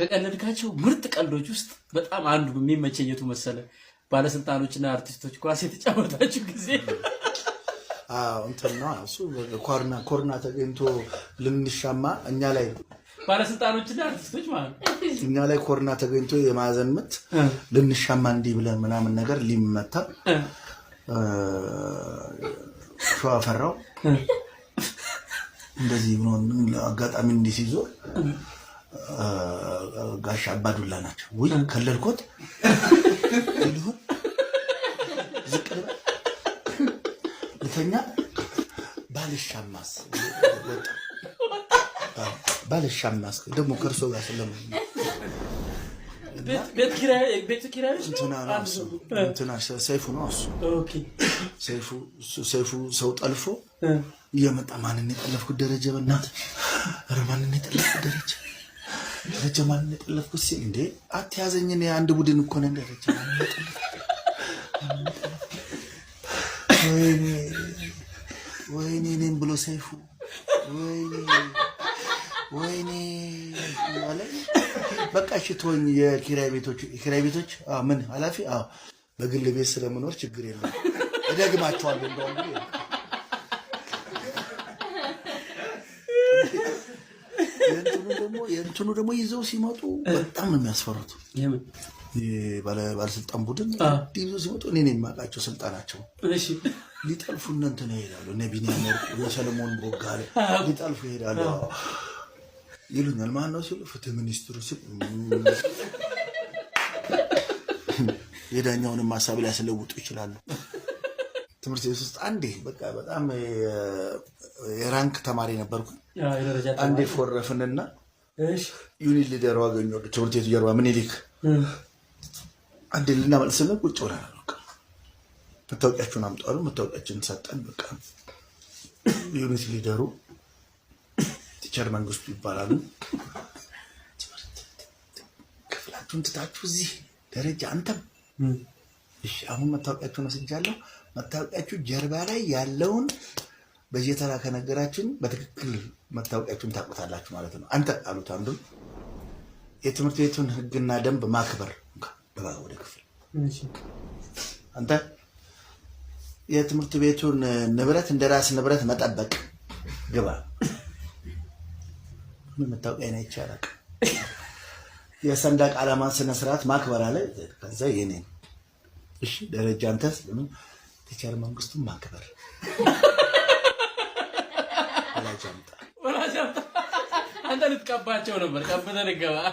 ከቀለድካቸው ምርጥ ቀልዶች ውስጥ በጣም አንዱ የሚመቸኘቱ የቱ መሰለ? ባለስልጣኖችና አርቲስቶች ኳስ የተጫወታችሁ ጊዜ እንትን እሱ ኮርና ኮርና ተገኝቶ ልንሻማ እኛ ላይ ባለስልጣኖችና አርቲስቶች ማለት እኛ ላይ ኮርና ተገኝቶ የማዕዘን ምት ልንሻማ እንዲህ ብለን ምናምን ነገር ሊመታ ሸዋፈራው እንደዚህ እንደዚህ አጋጣሚ እንዲህ ሲዞር ጋሽ አባዱላ ናቸው። ውይ ከለልኮት ሊሆን ዝቅ ልተኛ ባልሻማስ ባልሻማስ ደግሞ ከእርሶ ጋር ስለሙ ሰይፉ ነው እሱ ሰይፉ ሰው ጠልፎ እየመጣ ማንን የጠለፍኩት ደረጀ በእናትህ ኧረ ማንን የጠለፍኩት ደረጃ ደረጀ ማን የጠለፍኩት ሲል እንዴ አትያዘኝ፣ እኔ አንድ ቡድን እኮ ነን። ደረጀ ማን ወይኔ እኔም ብሎ ሰይፉ ወይኔ ወይኔ አለ። በቃ ሽቶኝ የኪራይ ቤቶች የኪራይ ቤቶች ምን ኃላፊ በግል ቤት ስለምኖር ችግር የለም እደግማቸዋለሁ እንደውም ደግሞ የእንትኑ ደግሞ ይዘው ሲመጡ በጣም ነው የሚያስፈሩት። ባለስልጣን ቡድን ይዘው ሲመጡ እኔ የማውቃቸው ስልጣናቸው ሊጠልፉ ነው ይሄዳሉ። እነ ቢኒያም ወርቁ፣ ሰለሞን ቦጋለ ሊጠልፉ ይሄዳሉ ይሉኛል። ማን ነው ሲሉ ፍትህ ሚኒስትሩ ሲሉ የዳኛውንም ሀሳብ ሊያስለውጡ ይችላሉ። ትምህርት ቤት ውስጥ አንዴ በቃ በጣም የራንክ ተማሪ ነበርኩ። አንዴ ፎረፍንና ዩኒት ሊደሩ ወደ ትምህርት ቤቱ ጀርባ ምኒልክ አንድ ልናመልስልህ ቁጭ ብለናል። በቃ መታወቂያችሁን አምጡ መታወቂያችን ሰጠን። በቃ ዩኒት ሊደሩ ቲቸር መንግስቱ ይባላሉ። ክፍላችሁን ትታችሁ እዚህ ደረጃ አንተም እሺ፣ አሁን መታወቂያችሁን ወስጃለሁ። መታወቂያችሁ ጀርባ ላይ ያለውን በዚህ የተራ ከነገራችን በትክክል መታወቂያችሁን ታውቁታላችሁ ማለት ነው። አንተ አሉት አንዱ የትምህርት ቤቱን ሕግና ደንብ ማክበር ግባ ወደ ክፍል አንተ የትምህርት ቤቱን ንብረት እንደ ራስ ንብረት መጠበቅ ግባ ምን መታወቂያ ና ይቻላል የሰንደቅ ስነ ስርዓት ማክበር አለ። ከዛ የኔ እሺ ደረጃ አንተስ ለምን ቲቸር መንግስቱን ማክበር አንተ ልትቀባቸው ነበር። ቀብተን ገባ